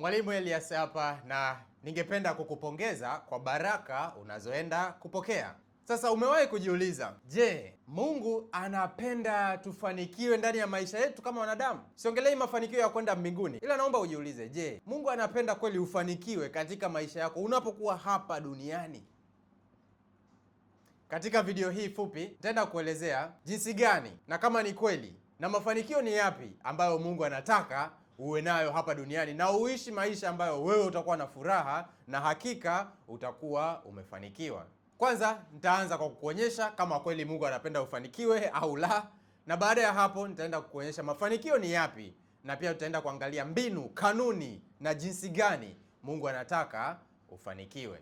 Mwalimu Elias hapa na ningependa kukupongeza kwa baraka unazoenda kupokea. Sasa umewahi kujiuliza, je, Mungu anapenda tufanikiwe ndani ya maisha yetu kama wanadamu? Siongelei mafanikio ya kwenda mbinguni, ila naomba ujiulize, je, Mungu anapenda kweli ufanikiwe katika maisha yako unapokuwa hapa duniani? Katika video hii fupi nitaenda kuelezea jinsi gani na kama ni kweli na mafanikio ni yapi ambayo Mungu anataka uwe nayo hapa duniani na uishi maisha ambayo wewe utakuwa na furaha na hakika utakuwa umefanikiwa. Kwanza nitaanza kwa kukuonyesha kama kweli Mungu anapenda ufanikiwe au la, na baada ya hapo nitaenda kukuonyesha mafanikio ni yapi, na pia tutaenda kuangalia mbinu, kanuni na jinsi gani Mungu anataka ufanikiwe.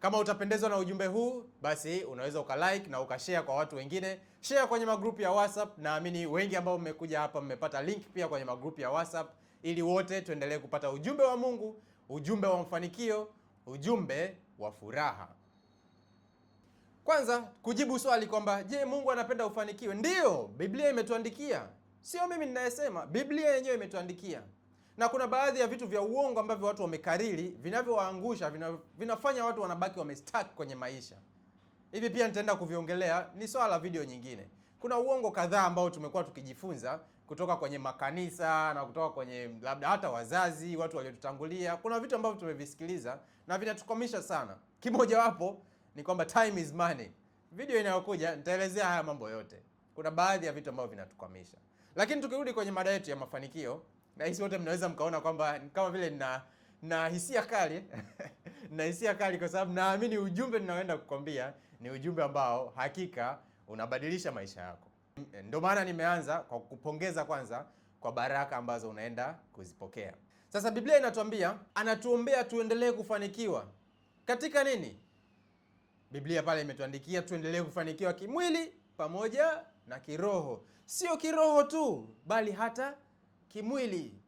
Kama utapendezwa na ujumbe huu, basi unaweza ukalike na ukashare kwa watu wengine share kwenye magrupu ya WhatsApp. Naamini wengi ambao mmekuja hapa mmepata link pia kwenye magrupu ya WhatsApp, ili wote tuendelee kupata ujumbe wa Mungu, ujumbe wa mafanikio, ujumbe wa furaha. Kwanza kujibu swali kwamba je, Mungu anapenda ufanikiwe? Ndiyo, Biblia imetuandikia, sio mimi ninayesema, Biblia yenyewe imetuandikia. Na kuna baadhi ya vitu vya uongo ambavyo watu wamekariri, vinavyowaangusha, vinafanya watu wanabaki wamestuck kwenye maisha hivi pia nitaenda kuviongelea, ni swala la video nyingine. Kuna uongo kadhaa ambao tumekuwa tukijifunza kutoka kwenye makanisa na kutoka kwenye labda hata wazazi, watu waliotutangulia. Kuna vitu ambavyo tumevisikiliza na vinatukwamisha sana. Kimojawapo ni kwamba time is money. Video inayokuja nitaelezea haya mambo yote. Kuna baadhi ya vitu ambavyo vinatukwamisha, lakini tukirudi kwenye mada yetu ya mafanikio, na hisi wote mnaweza mkaona kwamba kama vile na na hisia kali na hisia kali, kwa sababu naamini ujumbe ninaoenda kukwambia ni ujumbe ambao hakika unabadilisha maisha yako. Ndio maana nimeanza kwa kupongeza kwanza kwa baraka ambazo unaenda kuzipokea. Sasa Biblia inatuambia, anatuombea tuendelee kufanikiwa katika nini? Biblia pale imetuandikia tuendelee kufanikiwa kimwili pamoja na kiroho, sio kiroho tu, bali hata kimwili.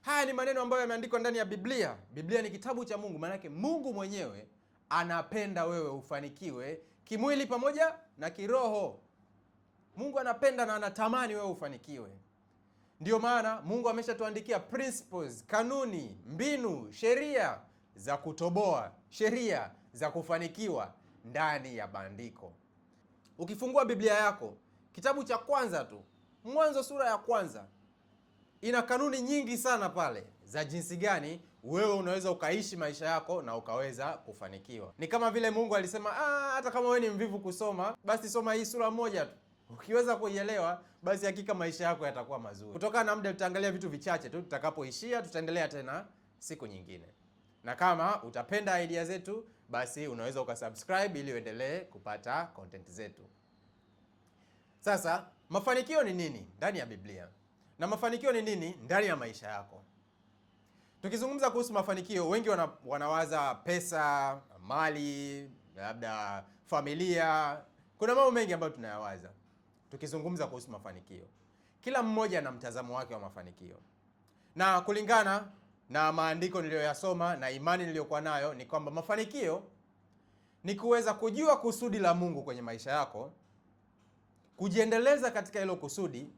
Haya ni maneno ambayo yameandikwa ndani ya Biblia. Biblia ni kitabu cha Mungu, maanake Mungu mwenyewe anapenda wewe ufanikiwe kimwili pamoja na kiroho. Mungu anapenda na anatamani wewe ufanikiwe. ndio maana Mungu ameshatuandikia principles, kanuni, mbinu, sheria za kutoboa, sheria za kufanikiwa ndani ya bandiko. Ukifungua Biblia yako kitabu cha kwanza tu, Mwanzo sura ya kwanza, ina kanuni nyingi sana pale za jinsi gani wewe unaweza ukaishi maisha yako na ukaweza kufanikiwa. Ni kama vile Mungu alisema ah, hata kama wewe ni mvivu kusoma, basi soma hii sura moja tu ukiweza kuielewa basi hakika maisha yako yatakuwa mazuri. Kutokana na muda, tutaangalia vitu vichache tu, tutakapoishia tutaendelea tena siku nyingine, na kama utapenda idea zetu, basi unaweza ukasubscribe ili uendelee kupata content zetu. Sasa mafanikio ni nini ndani ya Biblia na mafanikio ni nini ndani ya maisha yako? Tukizungumza kuhusu mafanikio, wengi wana, wanawaza pesa, mali, labda familia. Kuna mambo mengi ambayo tunayawaza tukizungumza kuhusu mafanikio. Kila mmoja na mtazamo wake wa mafanikio, na kulingana na maandiko niliyoyasoma na imani niliyokuwa nayo ni kwamba mafanikio ni kuweza kujua kusudi la Mungu kwenye maisha yako, kujiendeleza katika hilo kusudi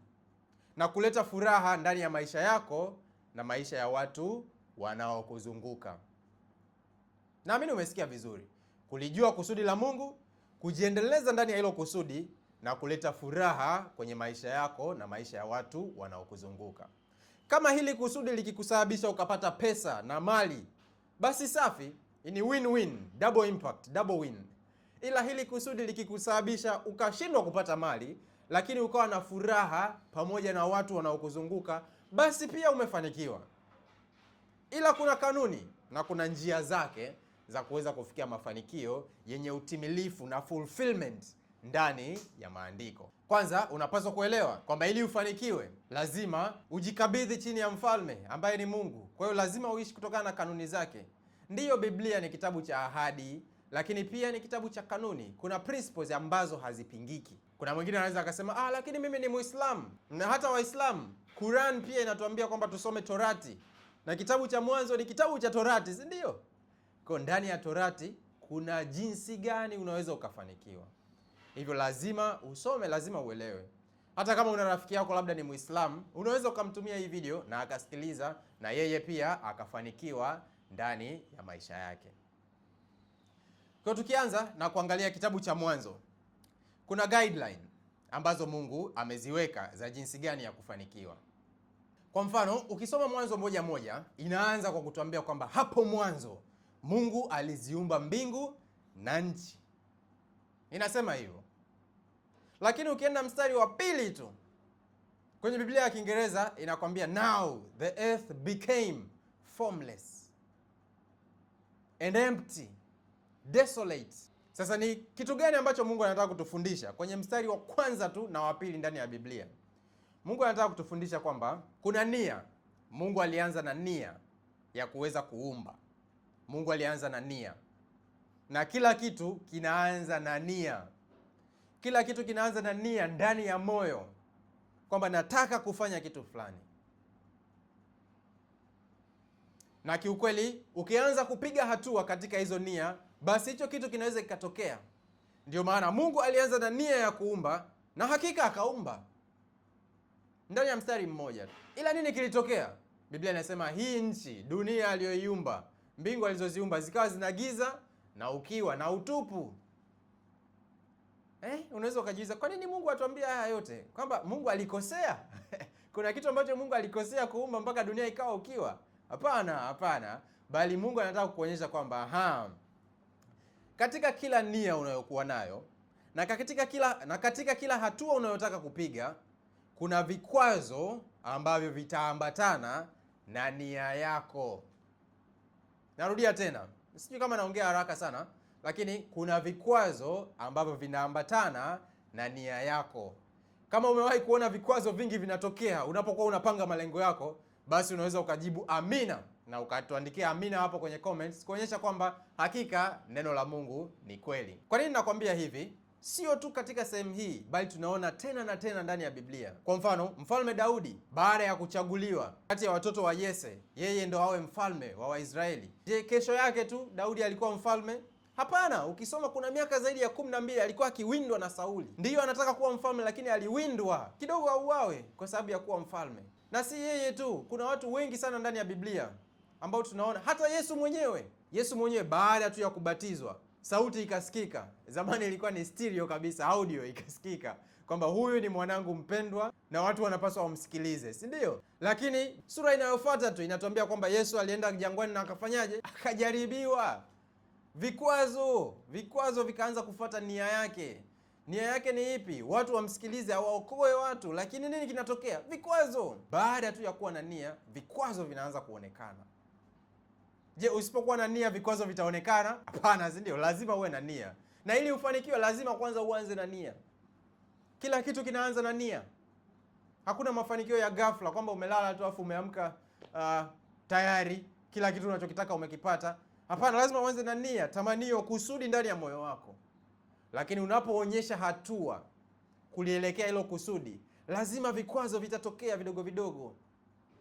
na kuleta furaha ndani ya maisha yako na maisha ya watu wanaokuzunguka. Naamini umesikia vizuri. Kulijua kusudi la Mungu, kujiendeleza ndani ya hilo kusudi na kuleta furaha kwenye maisha yako na maisha ya watu wanaokuzunguka. Kama hili kusudi likikusababisha ukapata pesa na mali, basi safi, ni win-win, double impact, double win. Ila hili kusudi likikusababisha ukashindwa kupata mali, lakini ukawa na furaha pamoja na watu wanaokuzunguka basi pia umefanikiwa. Ila kuna kanuni na kuna njia zake za kuweza kufikia mafanikio yenye utimilifu na fulfillment ndani ya maandiko. Kwanza unapaswa kuelewa kwamba ili ufanikiwe lazima ujikabidhi chini ya mfalme ambaye ni Mungu. Kwa hiyo lazima uishi kutokana na kanuni zake. Ndiyo, Biblia ni kitabu cha ahadi lakini pia ni kitabu cha kanuni. Kuna principles ambazo hazipingiki. Kuna mwingine anaweza akasema ah, lakini mimi ni Muislamu. Na hata Waislamu, Quran pia inatuambia kwamba tusome Torati, na kitabu cha Mwanzo ni kitabu cha Torati, si ndio? Kwa ndani ya Torati kuna jinsi gani unaweza ukafanikiwa. Hivyo lazima usome, lazima uelewe. Hata kama una rafiki yako labda ni Muislamu, unaweza ukamtumia hii video na akasikiliza na yeye pia akafanikiwa ndani ya maisha yake. Kwa tukianza na kuangalia kitabu cha Mwanzo, kuna guideline ambazo Mungu ameziweka za jinsi gani ya kufanikiwa. Kwa mfano, ukisoma Mwanzo moja moja inaanza kwa kutuambia kwamba hapo mwanzo Mungu aliziumba mbingu na nchi, inasema hivyo. Lakini ukienda mstari wa pili tu kwenye Biblia ya Kiingereza inakwambia now the earth became formless and empty desolate. Sasa ni kitu gani ambacho Mungu anataka kutufundisha kwenye mstari wa kwanza tu na wa pili ndani ya Biblia? Mungu anataka kutufundisha kwamba kuna nia. Mungu alianza na nia ya kuweza kuumba. Mungu alianza na nia, na kila kitu kinaanza na nia. Kila kitu kinaanza na nia ndani ya moyo kwamba nataka kufanya kitu fulani, na kiukweli, ukianza kupiga hatua katika hizo nia basi hicho kitu kinaweza kikatokea. Ndio maana Mungu alianza na nia ya kuumba na hakika akaumba ndani ya mstari mmoja tu. Ila nini kilitokea? Biblia inasema hii nchi, dunia aliyoiumba, mbingu alizoziumba, zikawa zina giza na ukiwa na utupu. Eh, unaweza ukajiuliza kwa nini Mungu atuambia haya yote, kwamba Mungu alikosea? Kuna kitu ambacho Mungu alikosea kuumba mpaka dunia ikawa ukiwa? Hapana, hapana, bali Mungu anataka kukuonyesha kwamba katika kila nia unayokuwa nayo na katika kila, na katika kila hatua unayotaka kupiga kuna vikwazo ambavyo vitaambatana na nia yako. Narudia tena, sijui kama naongea haraka sana, lakini kuna vikwazo ambavyo vinaambatana na nia yako. Kama umewahi kuona vikwazo vingi vinatokea unapokuwa unapanga malengo yako, basi unaweza ukajibu amina na ukatuandikia amina hapo kwenye comments kuonyesha kwamba hakika neno la Mungu ni kweli. Kwa nini nakwambia hivi? Sio tu katika sehemu hii, bali tunaona tena na tena ndani ya Biblia. Kwa mfano, mfalme Daudi baada ya kuchaguliwa kati ya watoto wa Yese, yeye ndo awe mfalme wa Waisraeli. Je, kesho yake tu Daudi alikuwa mfalme? Hapana, ukisoma kuna miaka zaidi ya kumi na mbili alikuwa akiwindwa na Sauli. Ndiyo anataka kuwa mfalme, lakini aliwindwa kidogo auawe kwa sababu ya kuwa mfalme. Na si yeye tu, kuna watu wengi sana ndani ya Biblia ambao tunaona hata Yesu mwenyewe, Yesu mwenyewe baada tu ya kubatizwa sauti ikasikika. Zamani ilikuwa ni stereo kabisa, audio ikasikika kwamba huyu ni mwanangu mpendwa na watu wanapaswa wamsikilize, si ndio? Lakini sura inayofuata tu inatuambia kwamba Yesu alienda jangwani na akafanyaje? Akajaribiwa, vikwazo vikwazo vikaanza kufuata nia yake. Nia yake ni ipi? Watu wamsikilize, awaokoe watu. Lakini nini kinatokea? Vikwazo. Baada tu ya kuwa na nia, vikwazo vinaanza kuonekana. Je, usipokuwa na nia vikwazo vitaonekana? Hapana, si ndio? Lazima uwe na nia, na ili ufanikiwe lazima kwanza uanze na nia. Kila kitu kinaanza na nia. Hakuna mafanikio ya ghafla kwamba umelala tu afu umeamka uh, tayari kila kitu unachokitaka umekipata. Hapana, lazima uanze na nia, tamanio, kusudi ndani ya moyo wako. Lakini unapoonyesha hatua kulielekea hilo kusudi, lazima vikwazo vitatokea vidogo vidogo.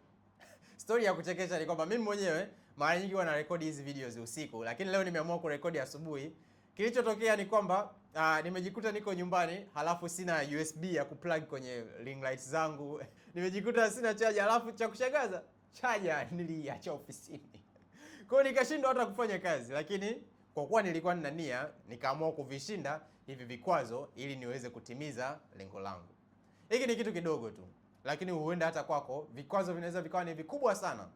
Stori ya kuchekesha ni kwamba mimi mwenyewe mara nyingi huwa narekodi hizi videos usiku, lakini leo nimeamua kurekodi asubuhi. Kilichotokea ni kwamba uh, nimejikuta niko nyumbani halafu sina USB ya kuplug kwenye ring light zangu nimejikuta sina chaja, halafu cha kushangaza chaja niliacha ofisini kwa hiyo nikashindwa hata kufanya kazi, lakini kwa kuwa nilikuwa nina nia, nikaamua kuvishinda hivi vikwazo ili niweze kutimiza lengo langu. Hiki ni kitu kidogo tu, lakini huenda hata kwako vikwazo vinaweza vikawa ni vikubwa sana,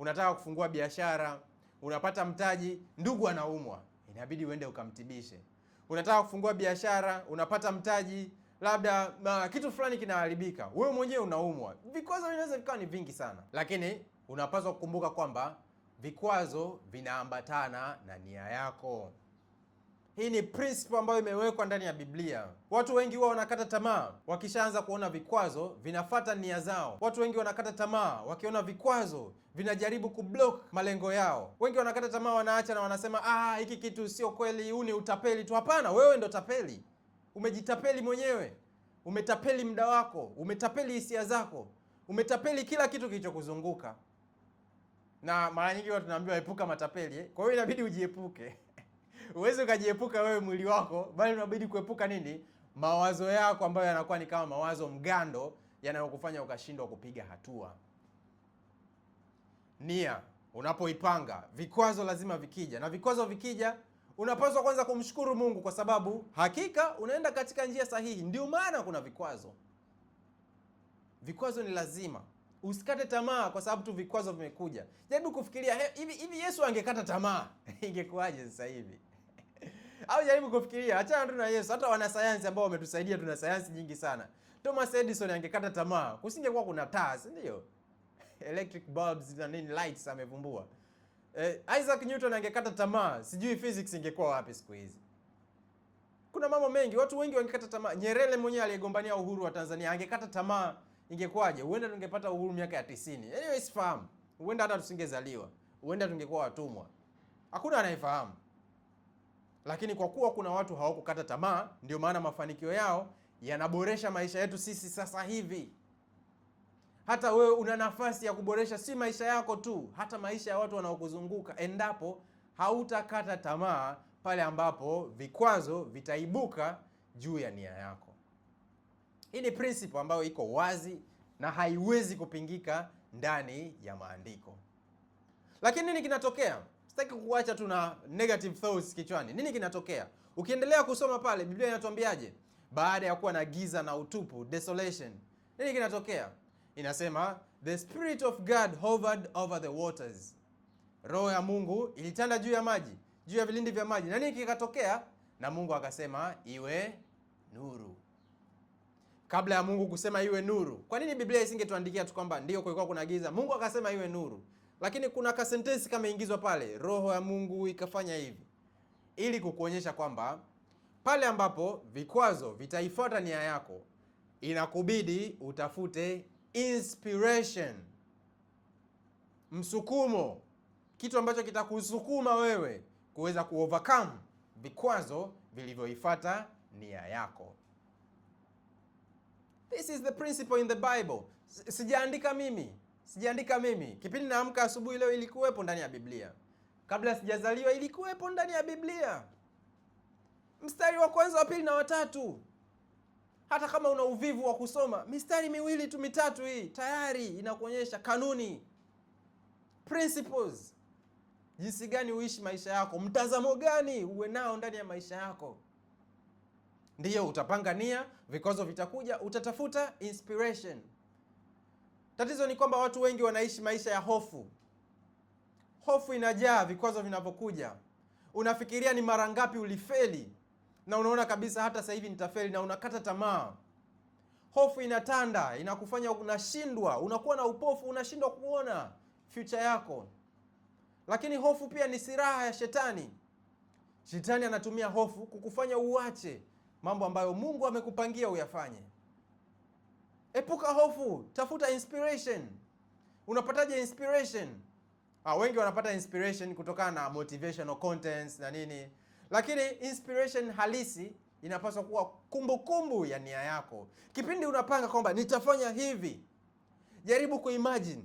unataka kufungua biashara, unapata mtaji, ndugu anaumwa, inabidi uende ukamtibishe. Unataka kufungua biashara, unapata mtaji, labda ma, kitu fulani kinaharibika, wewe mwenyewe unaumwa. Vikwazo vinaweza vikawa ni vingi sana, lakini unapaswa kukumbuka kwamba vikwazo vinaambatana na nia yako. Hii ni principle ambayo imewekwa ndani ya Biblia. Watu wengi huwa wanakata tamaa wakishaanza kuona vikwazo vinafata nia zao. Watu wengi wanakata tamaa wakiona vikwazo vinajaribu kublock malengo yao. Wengi wanakata tamaa, wanaacha na wanasema ah, hiki kitu sio kweli, huu ni utapeli tu. Hapana, wewe ndo tapeli, umejitapeli mwenyewe, umetapeli muda wako, umetapeli hisia zako, umetapeli kila kitu kilichokuzunguka. Na mara nyingi huwa tunaambiwa epuka matapeli eh? Kwa hiyo inabidi ujiepuke Uweze ukajiepuka wewe mwili wako, bali unabidi kuepuka nini? Mawazo yako ambayo yanakuwa ni kama mawazo mgando yanayokufanya ukashindwa kupiga hatua. Nia unapoipanga, vikwazo lazima vikija, na vikwazo vikija unapaswa kwanza kumshukuru Mungu kwa sababu hakika unaenda katika njia sahihi. Ndio maana kuna vikwazo. Vikwazo ni lazima, usikate tamaa kwa sababu tu vikwazo vimekuja. Jaribu kufikiria hivi hivi, Yesu angekata tamaa ingekuwaje sasa hivi? Au jaribu kufikiria, achana tu na Yesu, hata wanasayansi ambao wametusaidia, tuna sayansi nyingi sana. Thomas Edison angekata tamaa, kusingekuwa kuna taa, si ndio? Electric bulbs na nini lights amevumbua. Eh, Isaac Newton angekata tamaa, sijui physics ingekuwa wapi siku hizi. Kuna mambo mengi, watu wengi wangekata tamaa. Nyerere mwenyewe aliyegombania uhuru wa Tanzania angekata tamaa, ingekuwaje? Huenda tungepata uhuru miaka ya 90. Anyway, sifahamu. Huenda hata tusingezaliwa. Huenda tungekuwa watumwa. Hakuna anayefahamu. Lakini kwa kuwa kuna watu hawakukata tamaa, ndio maana mafanikio yao yanaboresha maisha yetu sisi sasa hivi. Hata wewe una nafasi ya kuboresha si maisha yako tu, hata maisha ya watu wanaokuzunguka, endapo hautakata tamaa pale ambapo vikwazo vitaibuka juu ya nia yako. Hii ni prinsipo ambayo iko wazi na haiwezi kupingika ndani ya maandiko. Lakini nini kinatokea? sitaki kuacha tu na negative thoughts kichwani. Nini kinatokea? Ukiendelea kusoma pale Biblia inatuambiaje? Baada ya kuwa na giza na utupu, desolation. Nini kinatokea? Inasema the spirit of God hovered over the waters. Roho ya Mungu ilitanda juu ya maji, juu ya vilindi vya maji. Na nini kikatokea? Na Mungu akasema iwe nuru. Kabla ya Mungu kusema iwe nuru, kwa nini Biblia isingetuandikia tu kwamba ndio kulikuwa kuna giza? Mungu akasema iwe nuru. Lakini kuna kasentensi kama ingizwa pale, roho ya Mungu ikafanya hivi, ili kukuonyesha kwamba pale ambapo vikwazo vitaifuata nia yako, inakubidi utafute inspiration, msukumo, kitu ambacho kitakusukuma wewe kuweza kuovercome vikwazo vilivyoifuata nia yako. This is the principle in the Bible. Sijaandika mimi, sijaandika mimi. Kipindi naamka asubuhi leo ilikuwepo ndani ya Biblia, kabla sijazaliwa ilikuwepo ndani ya Biblia, mstari wa kwanza, wa pili na watatu. Hata kama una uvivu wa kusoma mistari miwili tu mitatu, hii tayari inakuonyesha kanuni, principles, jinsi gani uishi maisha yako, mtazamo gani uwe nao ndani ya maisha yako. Ndiyo utapanga nia, vikwazo vitakuja, utatafuta inspiration Tatizo ni kwamba watu wengi wanaishi maisha ya hofu. Hofu inajaa vikwazo vinapokuja, unafikiria ni mara ngapi ulifeli, na unaona kabisa hata sasa hivi nitafeli, na unakata tamaa. Hofu inatanda, inakufanya unashindwa, unakuwa na upofu, unashindwa kuona future yako. Lakini hofu pia ni silaha ya shetani. Shetani anatumia hofu kukufanya uache mambo ambayo Mungu amekupangia uyafanye. Epuka hofu, tafuta inspiration. Unapataje inspiration? Ah, wengi wanapata inspiration kutokana na motivational contents na nini, lakini inspiration halisi inapaswa kuwa kumbukumbu kumbu ya nia yako. Kipindi unapanga kwamba nitafanya hivi, jaribu kuimagine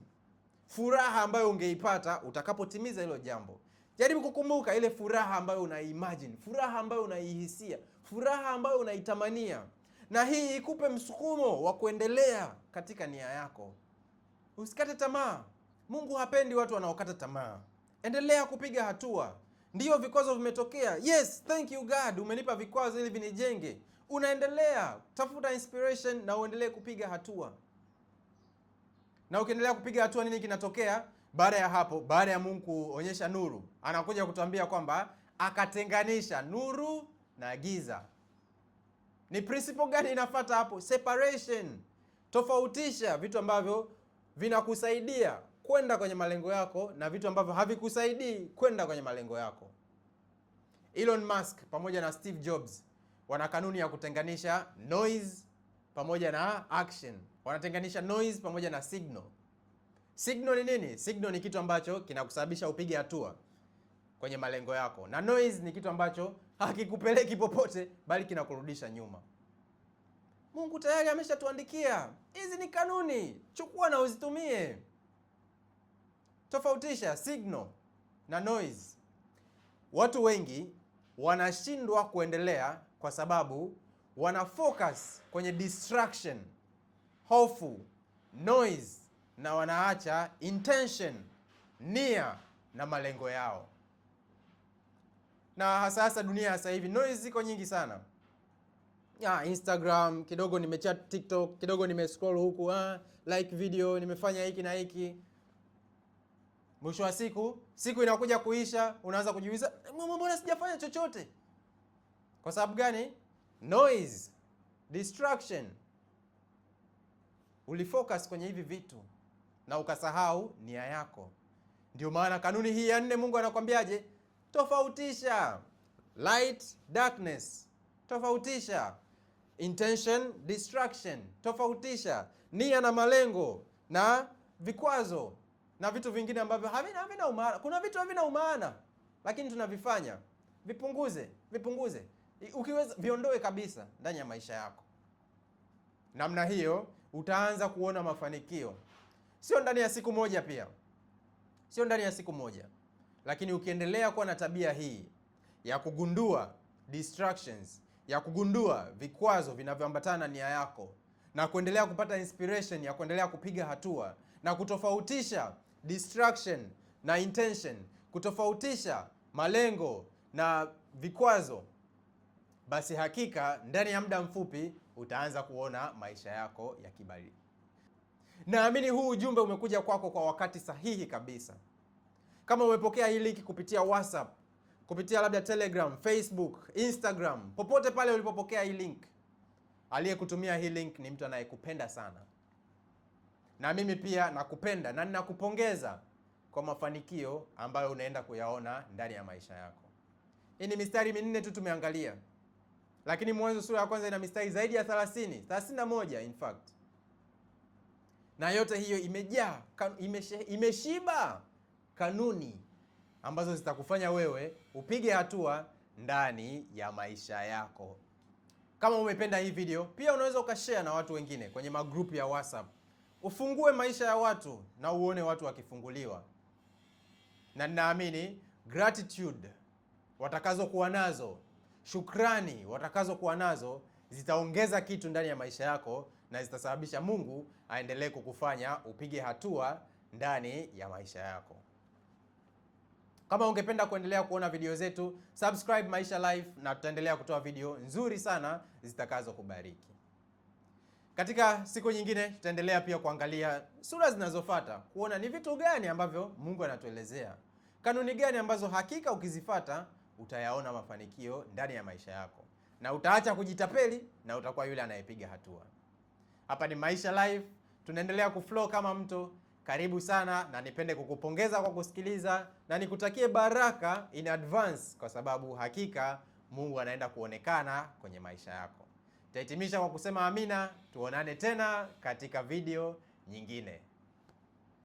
furaha ambayo ungeipata utakapotimiza hilo jambo. Jaribu kukumbuka ile furaha ambayo unaimagine, furaha ambayo unaihisia, furaha ambayo unaitamania na hii ikupe msukumo wa kuendelea katika nia yako. Usikate tamaa. Mungu hapendi watu wanaokata tamaa. Endelea kupiga hatua. Ndiyo, vikwazo vimetokea. Yes, thank you God, umenipa vikwazo ili vinijenge. Unaendelea, tafuta inspiration na uendelee kupiga hatua. Na ukiendelea kupiga hatua, nini kinatokea baada ya hapo? Baada ya Mungu kuonyesha nuru, anakuja kutuambia kwamba akatenganisha nuru na giza. Ni principle gani inafata hapo? Separation, tofautisha vitu ambavyo vinakusaidia kwenda kwenye malengo yako na vitu ambavyo havikusaidii kwenda kwenye malengo yako. Elon Musk pamoja na Steve Jobs wana kanuni ya kutenganisha noise pamoja na action. Wanatenganisha noise pamoja na signal. Signal ni nini? Signal ni kitu ambacho kinakusababisha upige hatua kwenye malengo yako, na noise ni kitu ambacho hakikupeleki popote, bali kinakurudisha nyuma. Mungu tayari ameshatuandikia hizi, ni kanuni, chukua na uzitumie. Tofautisha signal na noise. Watu wengi wanashindwa kuendelea kwa sababu wana focus kwenye distraction, hofu, noise na wanaacha intention, nia na malengo yao na hasa hasa dunia sasa hivi noise ziko nyingi sana ya, Instagram kidogo nimechat TikTok kidogo nimescroll huku ha, ah, like video nimefanya hiki na hiki. Mwisho wa siku siku inakuja kuisha, unaanza kujiuliza mbona sijafanya chochote? Kwa sababu gani? Noise, distraction. Ulifocus kwenye hivi vitu na ukasahau nia yako. Ndio maana kanuni hii ya nne Mungu anakwambiaje? tofautisha light darkness, tofautisha intention distraction, tofautisha nia na malengo na vikwazo na vitu vingine ambavyo havina havina umaana. Kuna vitu havina umaana lakini tunavifanya. Vipunguze, vipunguze, ukiweza viondoe kabisa ndani ya maisha yako. Namna hiyo utaanza kuona mafanikio, sio ndani ya siku moja, pia sio ndani ya siku moja. Lakini ukiendelea kuwa na tabia hii ya kugundua distractions, ya kugundua vikwazo vinavyoambatana na nia yako na kuendelea kupata inspiration ya kuendelea kupiga hatua na kutofautisha distraction na intention, kutofautisha malengo na vikwazo, basi hakika ndani ya muda mfupi utaanza kuona maisha yako yakibadilika. Naamini huu ujumbe umekuja kwako kwa wakati sahihi kabisa. Kama umepokea hii link kupitia WhatsApp, kupitia labda Telegram, Facebook, Instagram, popote pale ulipopokea hii link, aliyekutumia hii link ni mtu anayekupenda sana, na mimi pia nakupenda na ninakupongeza kwa mafanikio ambayo unaenda kuyaona ndani ya maisha yako. Hii ni mistari minne tu tumeangalia, lakini Mwanzo sura ya kwanza ina mistari zaidi ya 30, 31 in fact, na yote hiyo imejaa, imeshiba kanuni ambazo zitakufanya wewe upige hatua ndani ya maisha yako. Kama umependa hii video, pia unaweza ukashare na watu wengine kwenye magrupu ya WhatsApp. Ufungue maisha ya watu na uone watu wakifunguliwa, na ninaamini gratitude watakazokuwa nazo, shukrani watakazokuwa nazo zitaongeza kitu ndani ya maisha yako na zitasababisha Mungu aendelee kukufanya upige hatua ndani ya maisha yako. Kama ungependa kuendelea kuona video zetu, subscribe Maisha Life na tutaendelea kutoa video nzuri sana zitakazo kubariki. Katika siku nyingine tutaendelea pia kuangalia sura zinazofuata kuona ni vitu gani ambavyo Mungu anatuelezea, kanuni gani ambazo hakika ukizifata utayaona mafanikio ndani ya maisha yako na utaacha kujitapeli na utakuwa yule anayepiga hatua. Hapa ni Maisha Life, tunaendelea kuflow kama mto karibu sana na nipende kukupongeza kwa kusikiliza na nikutakie baraka in advance, kwa sababu hakika Mungu anaenda kuonekana kwenye maisha yako. Tahitimisha kwa kusema amina. Tuonane tena katika video nyingine.